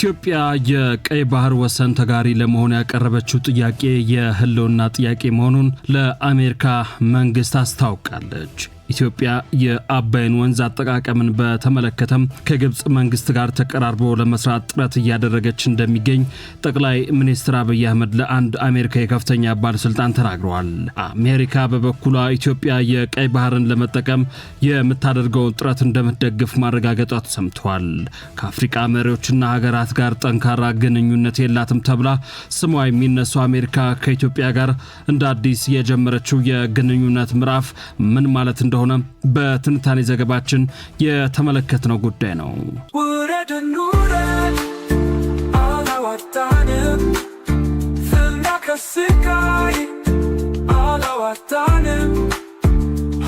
ኢትዮጵያ የቀይ ባህር ወሰን ተጋሪ ለመሆን ያቀረበችው ጥያቄ የህልውና ጥያቄ መሆኑን ለአሜሪካ መንግስት አስታውቃለች። ኢትዮጵያ የአባይን ወንዝ አጠቃቀምን በተመለከተም ከግብፅ መንግስት ጋር ተቀራርቦ ለመስራት ጥረት እያደረገች እንደሚገኝ ጠቅላይ ሚኒስትር አብይ አህመድ ለአንድ አሜሪካ የከፍተኛ ባለስልጣን ተናግረዋል። አሜሪካ በበኩሏ ኢትዮጵያ የቀይ ባህርን ለመጠቀም የምታደርገውን ጥረት እንደምትደግፍ ማረጋገጧ ተሰምተዋል። ከአፍሪቃ መሪዎችና ሀገራት ጋር ጠንካራ ግንኙነት የላትም ተብላ ስሟ የሚነሳው አሜሪካ ከኢትዮጵያ ጋር እንደ አዲስ የጀመረችው የግንኙነት ምዕራፍ ምን ማለት እንደሆነ እንደሆነ በትንታኔ ዘገባችን የተመለከትነው ጉዳይ ነው። ውረድን ውረድ አላዋጣንም፣ ፍና ከስቃይ አላዋጣንም፣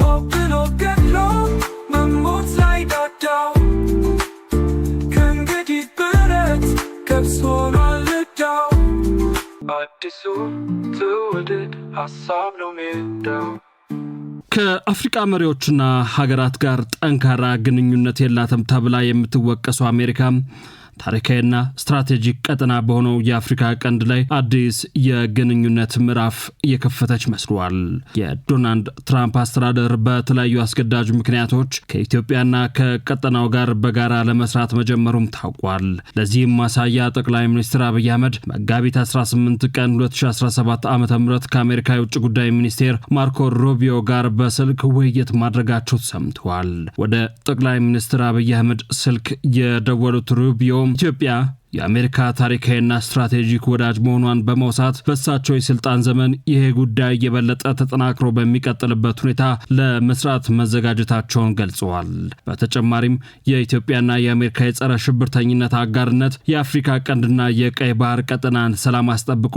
ሆብሎ ገድሎ መሞት ላይ ዳዳው ከእንግዲህ ብረት እዳው አዲሱ ትውልድ ሀሳብ ነው ሜዳው ከአፍሪቃ መሪዎችና ሀገራት ጋር ጠንካራ ግንኙነት የላትም ተብላ የምትወቀሰው አሜሪካ ታሪካዊና ስትራቴጂክ ቀጠና በሆነው የአፍሪካ ቀንድ ላይ አዲስ የግንኙነት ምዕራፍ እየከፈተች መስሏል። የዶናልድ ትራምፕ አስተዳደር በተለያዩ አስገዳጅ ምክንያቶች ከኢትዮጵያና ከቀጠናው ጋር በጋራ ለመስራት መጀመሩም ታውቋል። ለዚህም ማሳያ ጠቅላይ ሚኒስትር አብይ አህመድ መጋቢት 18 ቀን 2017 ዓ ም ከአሜሪካ የውጭ ጉዳይ ሚኒስቴር ማርኮ ሮቢዮ ጋር በስልክ ውይይት ማድረጋቸው ሰምተዋል። ወደ ጠቅላይ ሚኒስትር አብይ አህመድ ስልክ የደወሉት ሩቢዮ Äthiopien. የአሜሪካ ታሪካዊና ስትራቴጂክ ወዳጅ መሆኗን በመውሳት በሳቸው የስልጣን ዘመን ይሄ ጉዳይ የበለጠ ተጠናክሮ በሚቀጥልበት ሁኔታ ለመስራት መዘጋጀታቸውን ገልጸዋል። በተጨማሪም የኢትዮጵያና የአሜሪካ የጸረ ሽብርተኝነት አጋርነት የአፍሪካ ቀንድና የቀይ ባህር ቀጠናን ሰላም አስጠብቆ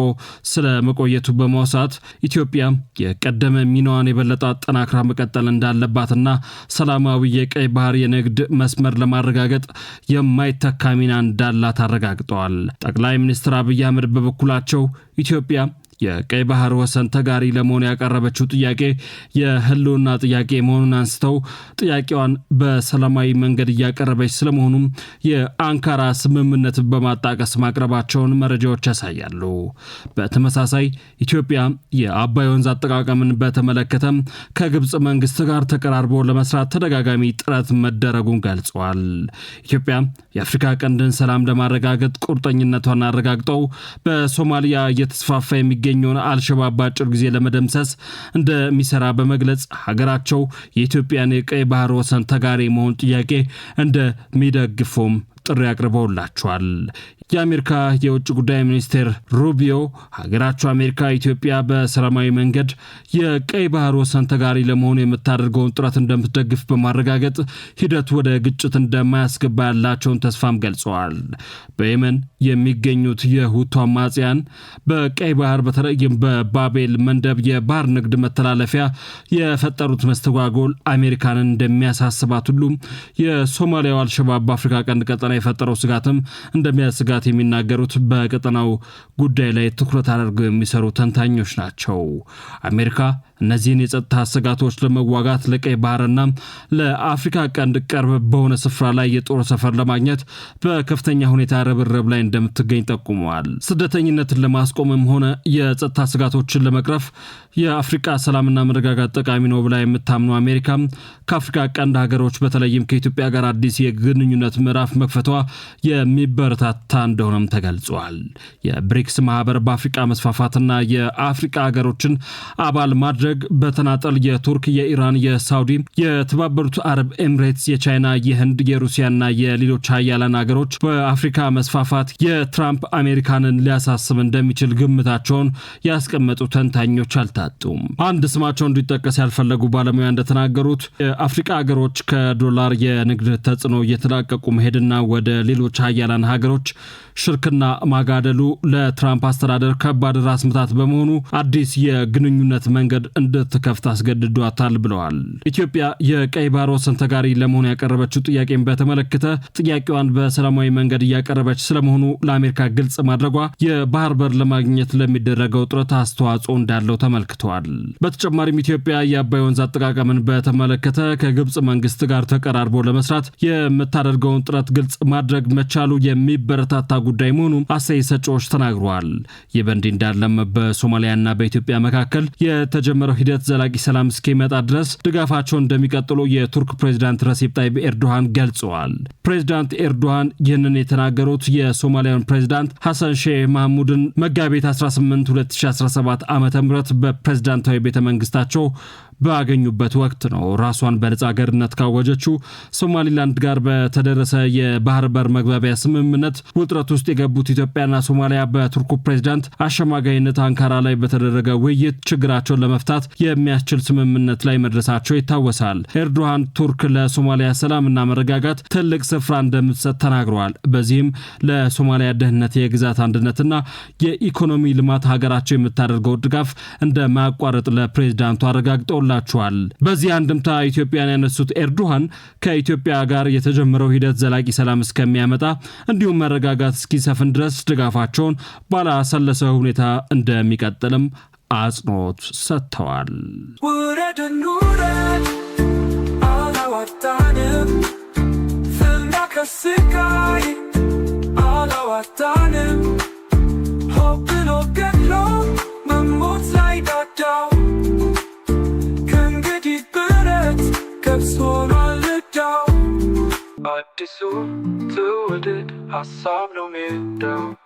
ስለ መቆየቱ በመውሳት ኢትዮጵያ የቀደመ ሚናዋን የበለጠ አጠናክራ መቀጠል እንዳለባትና ሰላማዊ የቀይ ባህር የንግድ መስመር ለማረጋገጥ የማይተካ ሚና እንዳላት አረጋ አረጋግጠዋል። ጠቅላይ ሚኒስትር አብይ አህመድ በበኩላቸው ኢትዮጵያ የቀይ ባህር ወሰን ተጋሪ ለመሆን ያቀረበችው ጥያቄ የህልውና ጥያቄ መሆኑን አንስተው ጥያቄዋን በሰላማዊ መንገድ እያቀረበች ስለመሆኑም የአንካራ ስምምነት በማጣቀስ ማቅረባቸውን መረጃዎች ያሳያሉ። በተመሳሳይ ኢትዮጵያ የአባይ ወንዝ አጠቃቀምን በተመለከተም ከግብፅ መንግስት ጋር ተቀራርቦ ለመስራት ተደጋጋሚ ጥረት መደረጉን ገልጿል። ኢትዮጵያ የአፍሪካ ቀንድን ሰላም ለማረጋገጥ ቁርጠኝነቷን አረጋግጠው በሶማሊያ እየተስፋፋ የሚገ የሚገኘውን አልሸባብ በአጭር ጊዜ ለመደምሰስ እንደሚሰራ በመግለጽ ሀገራቸው የኢትዮጵያን የቀይ ባህር ወሰን ተጋሪ መሆን ጥያቄ እንደሚደግፉም ጥሪ አቅርበውላቸዋል። የአሜሪካ የውጭ ጉዳይ ሚኒስቴር ሩቢዮ ሀገራቸው አሜሪካ ኢትዮጵያ በሰላማዊ መንገድ የቀይ ባህር ወሰን ተጋሪ ለመሆኑ የምታደርገውን ጥረት እንደምትደግፍ በማረጋገጥ ሂደት ወደ ግጭት እንደማያስገባ ያላቸውን ተስፋም ገልጸዋል። በየመን የሚገኙት የሁቱ አማጽያን በቀይ ባህር በተለይም በባቤል መንደብ የባህር ንግድ መተላለፊያ የፈጠሩት መስተጓጎል አሜሪካንን እንደሚያሳስባት ሁሉም የሶማሊያው አልሸባብ በአፍሪካ ቀንድ ቀጠና የፈጠረው ስጋትም እንደሚያስጋት የሚናገሩት በቀጠናው ጉዳይ ላይ ትኩረት አድርገው የሚሰሩ ተንታኞች ናቸው። አሜሪካ እነዚህን የጸጥታ ስጋቶች ለመዋጋት ለቀይ ባህርና ለአፍሪካ ቀንድ ቅርብ በሆነ ስፍራ ላይ የጦር ሰፈር ለማግኘት በከፍተኛ ሁኔታ ርብርብ ላይ እንደምትገኝ ጠቁመዋል። ስደተኝነትን ለማስቆምም ሆነ የጸጥታ ስጋቶችን ለመቅረፍ የአፍሪቃ ሰላምና መረጋጋት ጠቃሚ ነው ብላ የምታምነው አሜሪካ ከአፍሪካ ቀንድ ሀገሮች በተለይም ከኢትዮጵያ ጋር አዲስ የግንኙነት ምዕራፍ መክፈት መመልከቷ የሚበረታታ እንደሆነም ተገልጿል። የብሪክስ ማህበር በአፍሪቃ መስፋፋትና የአፍሪቃ ሀገሮችን አባል ማድረግ በተናጠል የቱርክ፣ የኢራን፣ የሳውዲ፣ የተባበሩት አረብ ኤምሬትስ፣ የቻይና፣ የህንድ፣ የሩሲያና የሌሎች ሀያላን ሀገሮች በአፍሪካ መስፋፋት የትራምፕ አሜሪካንን ሊያሳስብ እንደሚችል ግምታቸውን ያስቀመጡ ተንታኞች አልታጡም። አንድ ስማቸው እንዲጠቀስ ያልፈለጉ ባለሙያ እንደተናገሩት የአፍሪቃ ሀገሮች ከዶላር የንግድ ተጽዕኖ እየተላቀቁ መሄድና ወደ ሌሎች ሀያላን ሀገሮች ሽርክና ማጋደሉ ለትራምፕ አስተዳደር ከባድ ራስ ምታት በመሆኑ አዲስ የግንኙነት መንገድ እንድትከፍት አስገድዷታል ብለዋል። ኢትዮጵያ የቀይ ባህር ወሰን ተጋሪ ለመሆኑ ያቀረበችው ጥያቄን በተመለከተ ጥያቄዋን በሰላማዊ መንገድ እያቀረበች ስለመሆኑ ለአሜሪካ ግልጽ ማድረጓ የባህር በር ለማግኘት ለሚደረገው ጥረት አስተዋጽኦ እንዳለው ተመልክተዋል። በተጨማሪም ኢትዮጵያ የአባይ ወንዝ አጠቃቀምን በተመለከተ ከግብፅ መንግስት ጋር ተቀራርቦ ለመስራት የምታደርገውን ጥረት ግልጽ ማድረግ መቻሉ የሚበረታታ ጉዳይ መሆኑም አስተያየት ሰጪዎች ተናግረዋል። ይህ በእንዲህ እንዳለም በሶማሊያና በኢትዮጵያ መካከል የተጀመረው ሂደት ዘላቂ ሰላም እስኪመጣ ድረስ ድጋፋቸውን እንደሚቀጥሉ የቱርክ ፕሬዚዳንት ረሲብ ጣይብ ኤርዶሃን ገልጸዋል። ፕሬዚዳንት ኤርዶሃን ይህንን የተናገሩት የሶማሊያን ፕሬዚዳንት ሐሰን ሼህ ማህሙድን መጋቢት 18 2017 ዓ ም በፕሬዚዳንታዊ ቤተ መንግስታቸው ባገኙበት ወቅት ነው። ራሷን በነጻ ገርነት ካወጀችው ሶማሊላንድ ጋር በተደረሰ የባ የባህር በር መግባቢያ ስምምነት ውጥረት ውስጥ የገቡት ኢትዮጵያና ሶማሊያ በቱርኩ ፕሬዚዳንት አሸማጋይነት አንካራ ላይ በተደረገ ውይይት ችግራቸውን ለመፍታት የሚያስችል ስምምነት ላይ መድረሳቸው ይታወሳል። ኤርዶሃን ቱርክ ለሶማሊያ ሰላምና መረጋጋት ትልቅ ስፍራ እንደምትሰጥ ተናግረዋል። በዚህም ለሶማሊያ ደህንነት፣ የግዛት አንድነትና የኢኮኖሚ ልማት ሀገራቸው የምታደርገው ድጋፍ እንደማያቋርጥ ለፕሬዚዳንቱ አረጋግጠውላቸዋል። በዚህ አንድምታ ኢትዮጵያን ያነሱት ኤርዶሃን ከኢትዮጵያ ጋር የተጀመረው ሂደት ዘላቂ ሰላም ሰላም እስከሚያመጣ እንዲሁም መረጋጋት እስኪሰፍን ድረስ ድጋፋቸውን ባላሰለሰ ሁኔታ እንደሚቀጥልም አጽንኦት ሰጥተዋል። ውረድ እንውረድ አላዋጣንም፣ ፍና ከስቃይ አላዋጣንም። ሆብሎ ገድሎ መሞት ላይ ዳዳው ከእንግዲህ ብረት ከብሶ ሆኗል አዲሱ sobe no middle. dão.